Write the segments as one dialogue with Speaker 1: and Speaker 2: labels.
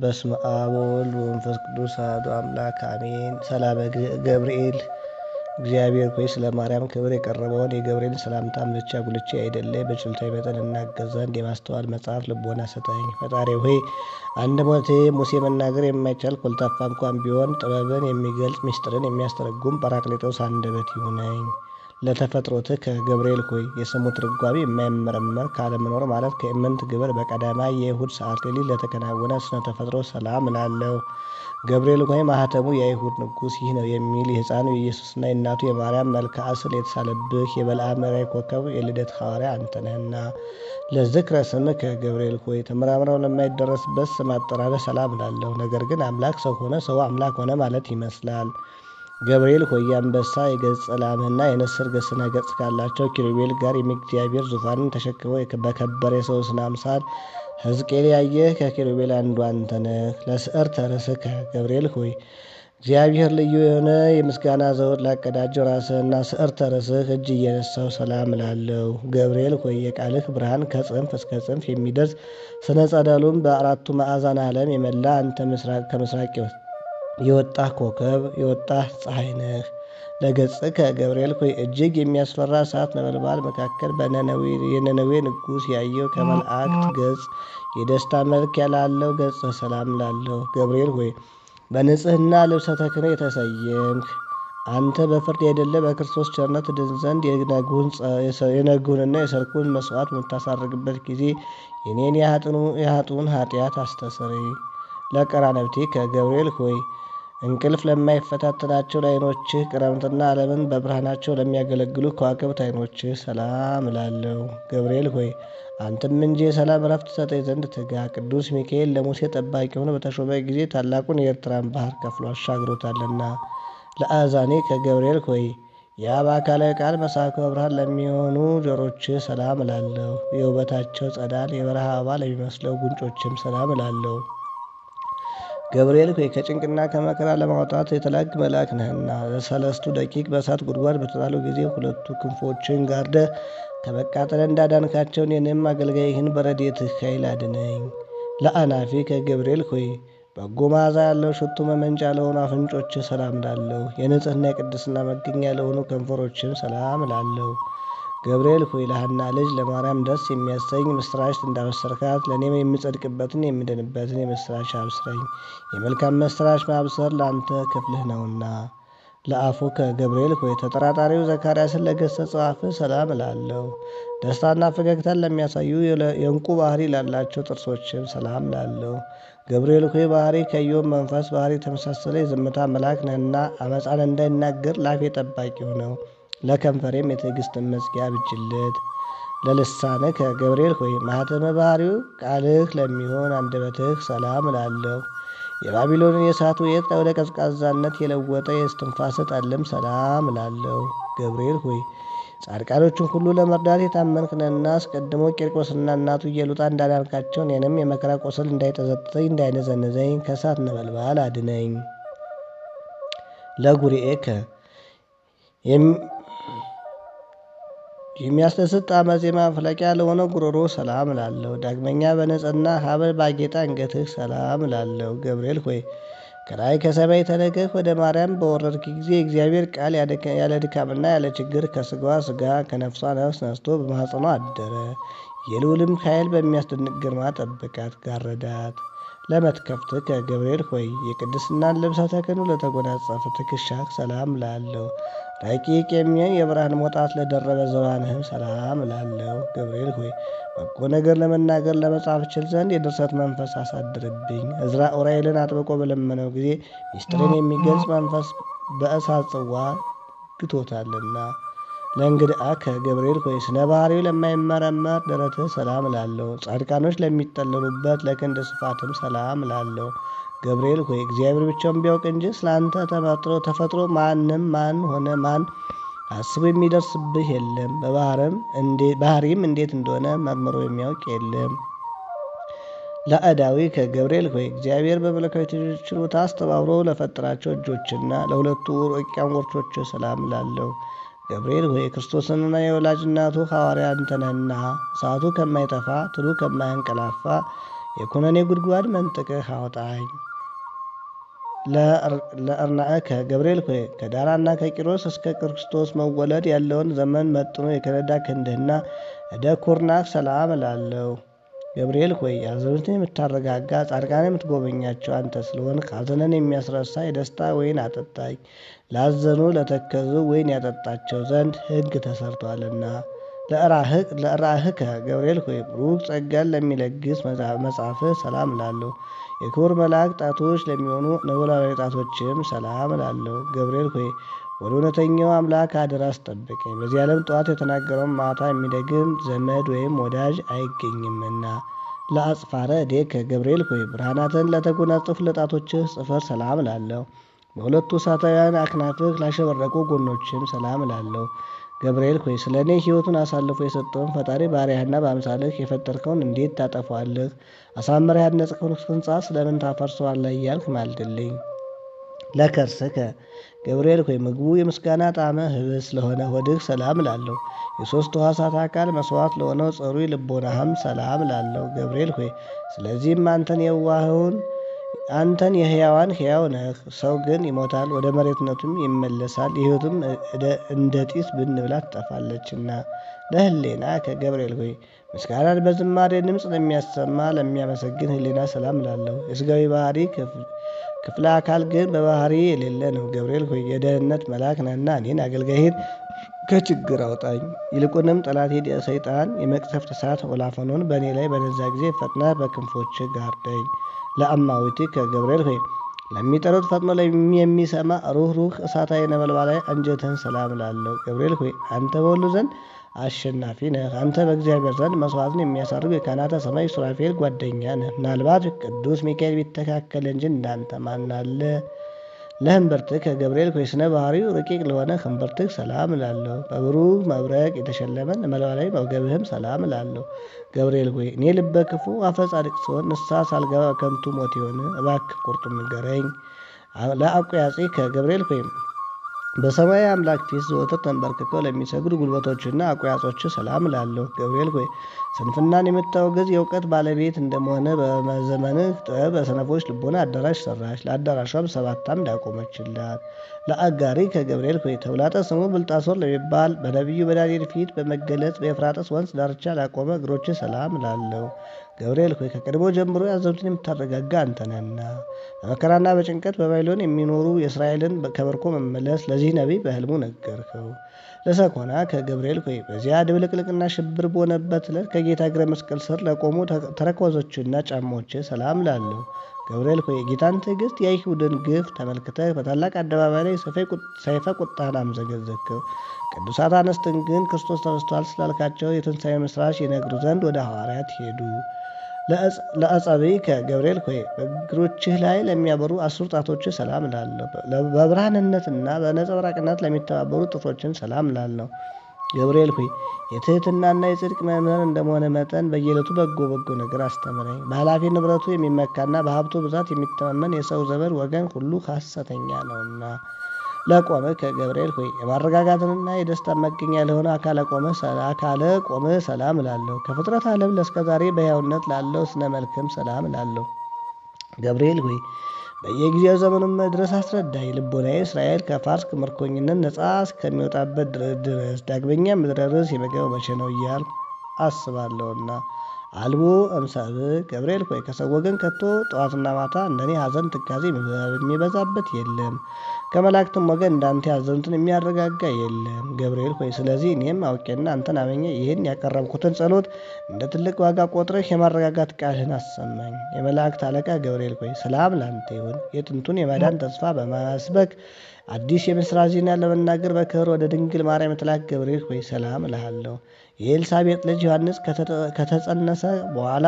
Speaker 1: በስመ አብ ወወልድ ወመንፈስ ቅዱስ አሐዱ አምላክ አሜን። ሰላም ገብርኤል እግዚአብሔር ሆይ ስለ ማርያም ክብር የቀረበውን የገብርኤል ሰላምታ ብቻ ጉልቼ አይደለ በችሎታዬ መጠን እናገዝ ዘንድ የማስተዋል መጽሐፍ ልቦና ስጠኝ። ፈጣሪ ሆይ አንድ ሞቴ ሙሴ መናገር የማይቻል ኮልታፋ እንኳን ቢሆን ጥበብን የሚገልጽ ምስጢርን የሚያስተረጉም ጳራቅሊጦስ አንደበት ይሁነኝ። ለተፈጥሮት ከገብርኤል ኮይ የሰሙ ትርጓሜ የማይመረመር ካለመኖር ማለት ከኢምንት ግብር በቀዳማይ የይሁድ ሰዓት ሌሊት ለተከናወነ ስነ ተፈጥሮ ሰላም እላለሁ። ገብርኤል ሆይ ማህተሙ የአይሁድ ንጉሥ ይህ ነው የሚል የሕፃኑ የኢየሱስና የእናቱ የማርያም መልክዓ ስዕል የተሳለብህ የበልአ መራይ ኮከብ የልደት ሐዋርያ አንተነህና ለዝክረ ስም ገብርኤል ሆይ ተመራምረው ለማይደረስበት ስም አጠራረ ሰላም እላለሁ። ነገር ግን አምላክ ሰው ሆነ፣ ሰው አምላክ ሆነ ማለት ይመስላል። ገብርኤል ሆይ አንበሳ የገጸ ላምህና የንስር ገስነ ገጽ ካላቸው ኪሩቤል ጋር የእግዚአብሔር ዙፋንን ተሸክመው በከበረ የሰው ስነ አምሳል ሕዝቅኤል ያየ ከኪሩቤል አንዱ አንተ ነህ። ለስዕር ተርስከ ገብርኤል ሆይ እግዚአብሔር ልዩ የሆነ የምስጋና ዘውድ ላቀዳጀው ራስህና ስዕር ተርስህ እጅ እየነሳው ሰላም እላለሁ። ገብርኤል ሆይ የቃልህ ብርሃን ከጽንፍ እስከ ጽንፍ የሚደርስ ስነ ጸደሉም በአራቱ ማዕዛን ዓለም የመላ አንተ ከምስራቅ የወጣህ ኮከብ የወጣህ ፀሐይ ነህ። ለገጽከ ገብርኤል ኮይ እጅግ የሚያስፈራ እሳት ነበልባል መካከል የነነዌ ንጉሥ ያየው ከመላእክት ገጽ የደስታ መልክ ያላለው ገጽ ሰላም ላለው ገብርኤል ሆይ በንጽህና ልብሰ ተክህኖ የተሰየምክ አንተ በፍርድ የደለ በክርስቶስ ቸርነት ድን ዘንድ የነጉንና የሰርኩን መስዋዕት በምታሳርግበት ጊዜ የኔን የሀጡን ኃጢአት አስተስሪ ለቀራነብቴ ከገብርኤል ሆይ እንቅልፍ ለማይፈታተናቸው ለአይኖችህ ቅረምትና ዓለምን በብርሃናቸው ለሚያገለግሉ ከዋክብት አይኖችህ ሰላም እላለሁ። ገብርኤል ሆይ አንተም እንጂ የሰላም እረፍት ሰጠኝ ዘንድ ትጋ። ቅዱስ ሚካኤል ለሙሴ ጠባቂ ሆኖ በተሾመ ጊዜ ታላቁን የኤርትራን ባህር ከፍሎ አሻግሮታልና። ለአዛኔ ከገብርኤል ሆይ ያ በአካላዊ ቃል መሳኮ ብርሃን ለሚሆኑ ጆሮች ሰላም እላለሁ። የውበታቸው ጸዳል የበረሃ አበባ ለሚመስለው ጉንጮችም ሰላም እላለሁ። ገብርኤል ሆይ ከጭንቅና ከመከራ ለማውጣት የተላክ መልአክ ነህና ለሰለስቱ ደቂቅ በእሳት ጉድጓድ በተጣለው ጊዜ ሁለቱ ክንፎችን ጋርደ ከመቃጠል እንዳዳንካቸው አገልጋይ ይህን በረድኤትህ ኃይል አድነኝ። ለአናፊ ከገብርኤል ሆይ በጎ መዓዛ ያለው ሽቱ መመንጫ ለሆኑ አፍንጮች ሰላም ላለሁ የንጽህና የቅድስና መገኛ ለሆኑ ከንፈሮችም ሰላም ላለሁ ገብርኤል ሆይ ለሐና ልጅ ለማርያም ደስ የሚያሰኝ ምስራች እንዳበሰርካት ለእኔም የምጸድቅበትን የምድንበትን የምስራች አብስረኝ። የመልካም ምስራች ማብሰር ለአንተ ክፍልህ ነውና። ለአፉከ ገብርኤል ሆይ ተጠራጣሪው ዘካርያስን ለገሰጸው አፍህ ሰላም እላለሁ። ደስታና ፈገግታን ለሚያሳዩ የእንቁ ባህሪ ላላቸው ጥርሶችም ሰላም እላለሁ። ገብርኤል ሆይ ባህሪ ከዮም መንፈስ ባህሪ የተመሳሰለ የዝምታ መልአክ ነህና አመፃን እንዳይናገር ላፌ ጠባቂ ነው። ለከንፈሬም የትዕግስትን መዝጊያ ብጅለት ለልሳነ ገብርኤል ሆይ ማህተመ ባህሪው ቃልህ ለሚሆን አንደበትህ ሰላም እላለሁ። የባቢሎንን የእሳት ውጤት ወደ ቀዝቃዛነት የለወጠ የስትንፋስ ጠልም ሰላም እላለሁ። ገብርኤል ሆይ ጻድቃኖችን ሁሉ ለመርዳት የታመንክነና አስቀድሞ ቂርቆስና እናቱ እየሉጣ እንዳዳንካቸው እኔንም የመከራ ቆሰል እንዳይጠዘጥዘኝ እንዳይነዘንዘኝ ከእሳት ነበልባል አድነኝ። ለጉርኤከ የሚያስደስት ጣዕመ ዜማ መፍለቂያ ለሆነ ጉሮሮ ሰላም እላለሁ። ዳግመኛ በንጽህና ሀብል ባጌጠ አንገትህ ሰላም እላለሁ። ገብርኤል ሆይ ከላይ ከሰማይ ተልከህ ወደ ማርያም በወረድክ ጊዜ የእግዚአብሔር ቃል ያለ ድካምና ያለ ችግር ከስጋዋ ስጋ ከነፍሷ ነፍስ ነስቶ በማኅፀኗ አደረ። የልዑልም ኃይል በሚያስደንቅ ግርማ ጠብቃት ጋረዳት። ለመትከፍት ከገብርኤል ሆይ የቅድስናን ልብሰ ተክህኖ ለተጎናጸፈ ትከሻህ ሰላም እላለሁ። ረቂቅ የሚያይ የብርሃን ሞጣት ለደረበ ዘባንህም ሰላም እላለሁ። ገብርኤል ሆይ በጎ ነገር ለመናገር ለመጻፍ ችል ዘንድ የድርሰት መንፈስ አሳድርብኝ። እዝራ ኡራኤልን አጥብቆ በለመነው ጊዜ ሚስጥርን የሚገልጽ መንፈስ በእሳት ጽዋ ግቶታልና ለእንግድአከ ገብርኤል ስነ ባህሪው ለማይመረመር ደረት ሰላም እላለሁ። ጻድቃኖች ለሚጠለሉበት ለክንድ ስፋትም ሰላም እላለሁ። ገብርኤል ሆይ እግዚአብሔር ብቻውን ቢያውቅ እንጂ ስለአንተ ተፈጥሮ ተፈጥሮ ማንም ማን ሆነ ማን አስቡ የሚደርስብህ የለም። በባህሪም እንዴት እንደሆነ መርምሮ የሚያውቅ የለም። ለአዳዊ ከገብርኤል ሆይ እግዚአብሔር በመለኮታዊ ችሎታ አስተባብሮ ለፈጠራቸው እጆችና ለሁለቱ ውቅያን ወርቾች ሰላም እላለሁ። ገብርኤል ሆይ ክርስቶስንና የወላጅ እናቱ ሐዋርያ አንተ እሳቱ ከማይጠፋ ትሉ ከማያንቀላፋ የኮነኔ ጉድጓድ መንጥቀህ አውጣኝ። ለእርናዕከ ገብርኤል ሆይ ከዳራና ከቂሮስ እስከ ክርስቶስ መወለድ ያለውን ዘመን መጥኖ የከነዳ ክንድህና እደ ኩርናክ ሰላም እላለሁ። ገብርኤል ሆይ አዛውንትን የምታረጋጋ ጻድቃን የምትጎበኛቸው አንተ ስለሆን ካዘነን የሚያስረሳ የደስታ ወይን አጠጣኝ። ላዘኑ ለተከዙ ወይን ያጠጣቸው ዘንድ ሕግ ተሰርቷልና። ለራህከ ገብርኤል ሆይ ብሩክ ጸጋን ለሚለግስ መጽሐፍህ ሰላም እላለሁ። የክቡር መልአክ ጣቶች ለሚሆኑ ነጎላዊ ጣቶችም ሰላም እላለሁ። ገብርኤል ሆይ ወደ እውነተኛው አምላክ አደራ አስጠብቀኝ። በዚህ ዓለም ጠዋት የተናገረውን ማታ የሚደግም ዘመድ ወይም ወዳጅ አይገኝምና። ለአጽፋረ እዴከ ገብርኤል ሆይ ብርሃናትን ለተጎናጽፍ ለጣቶችህ ጽፈር ሰላም እላለሁ። በሁለቱ እሳታውያን አክናፍህ ላሸበረቁ ጎኖችም ሰላም እላለሁ። ገብርኤል ሆይ ስለ እኔ ሕይወቱን አሳልፎ የሰጠውን ፈጣሪ ባሪያህና በአምሳልህ የፈጠርከውን እንዴት ታጠፏዋለህ? አሳምረህ ያነጽከውን ሕንጻ ስለምን ታፈርሰዋለህ? እያልክ ማልድልኝ። ለከርሰከ ገብርኤል ሆይ ምግቡ የምስጋና ጣመ ህብስ ስለሆነ ወድህ ሰላም ላለው የሦስት ሕዋሳት አካል መሥዋዕት ለሆነው ጸሩ ልቦናህም ሰላም ላለው ገብርኤል ሆይ ስለዚህም አንተን የዋህውን አንተን የሕያዋን ሕያው ነህ። ሰው ግን ይሞታል፣ ወደ መሬትነቱም ይመለሳል። ይህትም እንደ ጢስ ብንብላ ትጠፋለችና ለህሌና ከገብርኤል ሆይ ምስጋናን በዝማሬ ድምፅ ለሚያሰማ ለሚያመሰግን ህሌና ሰላም እላለሁ። የስጋዊ ባህሪ ክፍለ አካል ግን በባህሪ የሌለ ነው። ገብርኤል ሆይ የደህንነት መልአክ ነህና እኔን አገልጋይህን ከችግር አውጣኝ። ይልቁንም ጠላቴ ሰይጣን የመቅሰፍት እሳት ወላፈኖን በእኔ ላይ በነዛ ጊዜ ፈጥነ በክንፎች ጋርደኝ። ለአማዊቲ ከገብርኤል ሆይ ለሚጠሩት ፈጥኖ የሚሰማ ሩኅሩኅ እሳታዊ ነበልባላዊ አንጀትህን ሰላም ላለው ገብርኤል ሆይ አንተ በሁሉ ዘንድ አሸናፊ ነህ። አንተ በእግዚአብሔር ዘንድ መስዋዕትን የሚያሳርግ የካህናተ ሰማይ ሱራፌል ጓደኛ ነህ። ምናልባት ቅዱስ ሚካኤል ቢተካከል እንጂ እንዳንተ ማናለ? አለ? ለህንብርትህ ከገብርኤል ኮይስነ ባህሪው ረቂቅ ለሆነ ህንብርትህ ሰላም እላለሁ። በብሩህ መብረቅ የተሸለመን መለዋላዊ መውገብህም ሰላም እላለሁ። ገብርኤል ጎይ እኔ ልበ ክፉ አፈጻድቅ ስሆን ንሳ ሳልገባ ከንቱ ሞት የሆነ እባክህ ቁርጡን ንገረኝ። ለአቆያጼ ከገብርኤል ኮይም በሰማይ አምላክ ፊት ዘወትር ተንበርክከው ለሚሰግዱ ጉልበቶችና አቆያጾች ሰላም እላለሁ። ገብርኤል ሆይ ስንፍናን የምታወግዝ የእውቀት ባለቤት እንደመሆነ በዘመንህ ጥበብ በሰነፎች ልቦና አዳራሽ ሰራሽ። ለአዳራሿም ሰባት አምድ አቆመችላት። ለአጋሪ ከገብርኤል ሆይ ተብላጠ ስሙ ብልጣሶር ለሚባል በነቢዩ በዳንኤል ፊት በመገለጽ በኤፍራጥስ ወንዝ ዳርቻ ላቆመ እግሮች ሰላም እላለሁ። ገብርኤል ሆይ ከቀድሞ ጀምሮ ያዘዙትን የምታረጋጋ አንተ ነህና በመከራና በጭንቀት በባቢሎን የሚኖሩ የእስራኤልን ከበርኮ መመለስ ለዚህ ነቢይ በህልሙ ነገርከው። ለሰኮና ከገብርኤል ሆይ በዚያ ድብልቅልቅና ሽብር በሆነበት ዕለት ከጌታ እግረ መስቀል ስር ለቆሙ ተረኮዞችና ጫማዎች ሰላም ላለሁ። ገብርኤል ሆይ የጌታን ትዕግስት የአይሁድን ግፍ ተመልክተህ በታላቅ አደባባይ ላይ ሰይፈ ቁጣህን አምዘገዘግከው። ቅዱሳት አነስትን ግን ክርስቶስ ተነስቷል ስላልካቸው የትንሣኤ ምስራች ይነግሩ ዘንድ ወደ ሐዋርያት ሄዱ። ለአጻብዕከ ገብርኤል ሆይ በእግሮችህ ላይ ለሚያበሩ አስሩ ጣቶችህ ሰላም እላለሁ። በብርሃንነትና በነጸብራቅነት ለሚተባበሩ ጥፎችን ሰላም እላለሁ። ገብርኤል ሆይ የትህትናና የጽድቅ መምህር እንደመሆነ መጠን በየዕለቱ በጎ በጎ ነገር አስተምረኝ። በኃላፊ ንብረቱ የሚመካና በሀብቱ ብዛት የሚተማመን የሰው ዘመድ ወገን ሁሉ ሐሰተኛ ነውና ለቆመ ከገብርኤል ሆይ የማረጋጋትንና የደስታን መገኛ ለሆነ አካለ ቆመ አካለ ቆመ ሰላም እላለሁ። ከፍጥረት ዓለም ለእስከዛሬ በሕያውነት ላለው ስነ መልክም ሰላም እላለሁ። ገብርኤል ሆይ በየጊዜው ዘመኑን መድረስ አስረዳኝ። ልቦናዬ እስራኤል ከፋርስ ምርኮኝነት ነፃ እስከሚወጣበት ድረስ ዳግመኛ ምድረ ርዕስ የመገበው መቼ ነው እያልኩ አስባለሁና። አልቦ እምሰብ ገብርኤል ሆይ ከሰው ወገን ከቶ ጠዋትና ማታ እንደኔ ሐዘን ትካዜ የሚበዛበት የለም። ከመላእክትም ወገን እንዳንተ ያዘኑትን የሚያረጋጋ የለም። ገብርኤል ሆይ ስለዚህ እኔም አውቄና አንተን አመኘ ይህን ያቀረብኩትን ጸሎት እንደ ትልቅ ዋጋ ቆጥረህ የማረጋጋት ቃልህን አሰማኝ። የመላእክት አለቃ ገብርኤል ሆይ ሰላም ላንተ ይሁን። የጥንቱን የማዳን ተስፋ በማስበክ አዲስ የምስራች ዜና ለመናገር በክብር ወደ ድንግል ማርያም የተላክ ገብርኤል ሆይ ሰላም እልሃለሁ። የኤልሳቤጥ ልጅ ዮሐንስ ከተጸነሰ በኋላ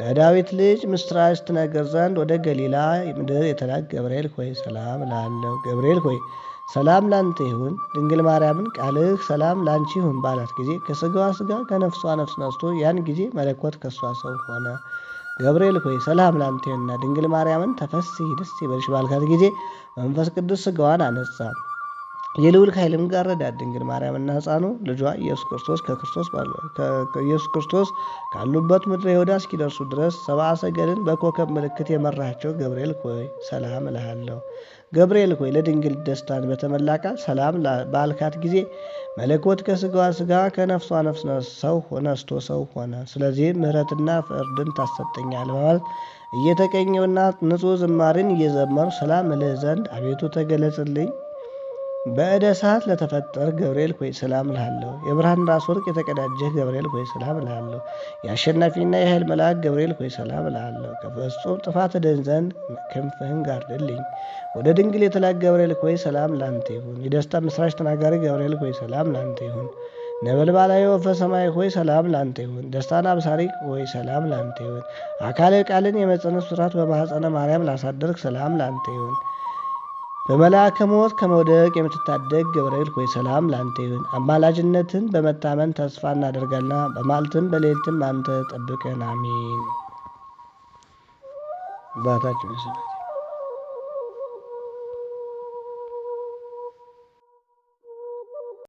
Speaker 1: ለዳዊት ልጅ ምስራች ትነገር ዘንድ ወደ ገሊላ ምድር የተላክ ገብርኤል ሆይ ሰላም ላለው ገብርኤል ሆይ ሰላም ላንተ ይሁን። ድንግል ማርያምን ቃልህ ሰላም ላንቺ ይሁን ባላት ጊዜ ከስጋዋ ስጋ ከነፍሷ ነፍስ ነስቶ ያን ጊዜ መለኮት ከእሷ ሰው ሆነ። ገብርኤል ሆይ ሰላም ላንተ ይሁንና ድንግል ማርያምን ተፈስሒ ደስ ይበልሽ ባልካት ጊዜ መንፈስ ቅዱስ ስጋዋን አነጻ። የልዑል ኃይልም ጋር ረዳት ድንግል ማርያምና ህፃኑ ልጇ ኢየሱስ ክርስቶስ ኢየሱስ ክርስቶስ ካሉበት ምድረ ይሁዳ እስኪደርሱ ድረስ ሰብአ ሰገልን በኮከብ ምልክት የመራቸው ገብርኤል ኮይ ሰላም እልሃለሁ። ገብርኤል ኮይ ለድንግል ደስታን በተመላቃ ሰላም ባልካት ጊዜ መለኮት ከስጋዋ ስጋ ከነፍሷ ነፍስ ሰው ነስቶ ሰው ሆነ። ስለዚህ ምህረትና ፍርድን ታሰጠኛል በማለት እየተቀኘውና ንጹሕ ዝማሬን እየዘመሩ ሰላም እልህ ዘንድ አቤቱ ተገለጽልኝ በእደ ሰዓት ለተፈጠር ገብርኤል ሆይ ሰላም እልሃለሁ። የብርሃን ራስ ወርቅ የተቀዳጀህ ገብርኤል ሆይ ሰላም እልሃለሁ። የአሸናፊና የኃይል መልአክ ገብርኤል ሆይ ሰላም እልሃለሁ። ከፍጹም ጥፋት እድን ዘንድ ክንፍህን ጋርድልኝ። ወደ ድንግል የተላክ ገብርኤል ሆይ ሰላም ላንተ ይሁን። የደስታ ምስራች ተናጋሪ ገብርኤል ሆይ ሰላም ላንተ ይሁን። ነበልባላዊ ወፈ ሰማይ ሆይ ሰላም ላንተ ይሁን። ደስታን አብሳሪ ሆይ ሰላም ላንተ ይሁን። አካለ ቃልን የመጸነት ስራት በማኅፀነ ማርያም ላሳደርግ ሰላም ላንተ ይሁን። በመልአከ ሞት ከመውደቅ የምትታደግ ገብርኤል ሆይ ሰላም ላንተ ይሁን። አማላጅነትን በመታመን ተስፋ እናደርጋልና በማልትም በሌልትም አንተ ጠብቀን አሜን። አባታችን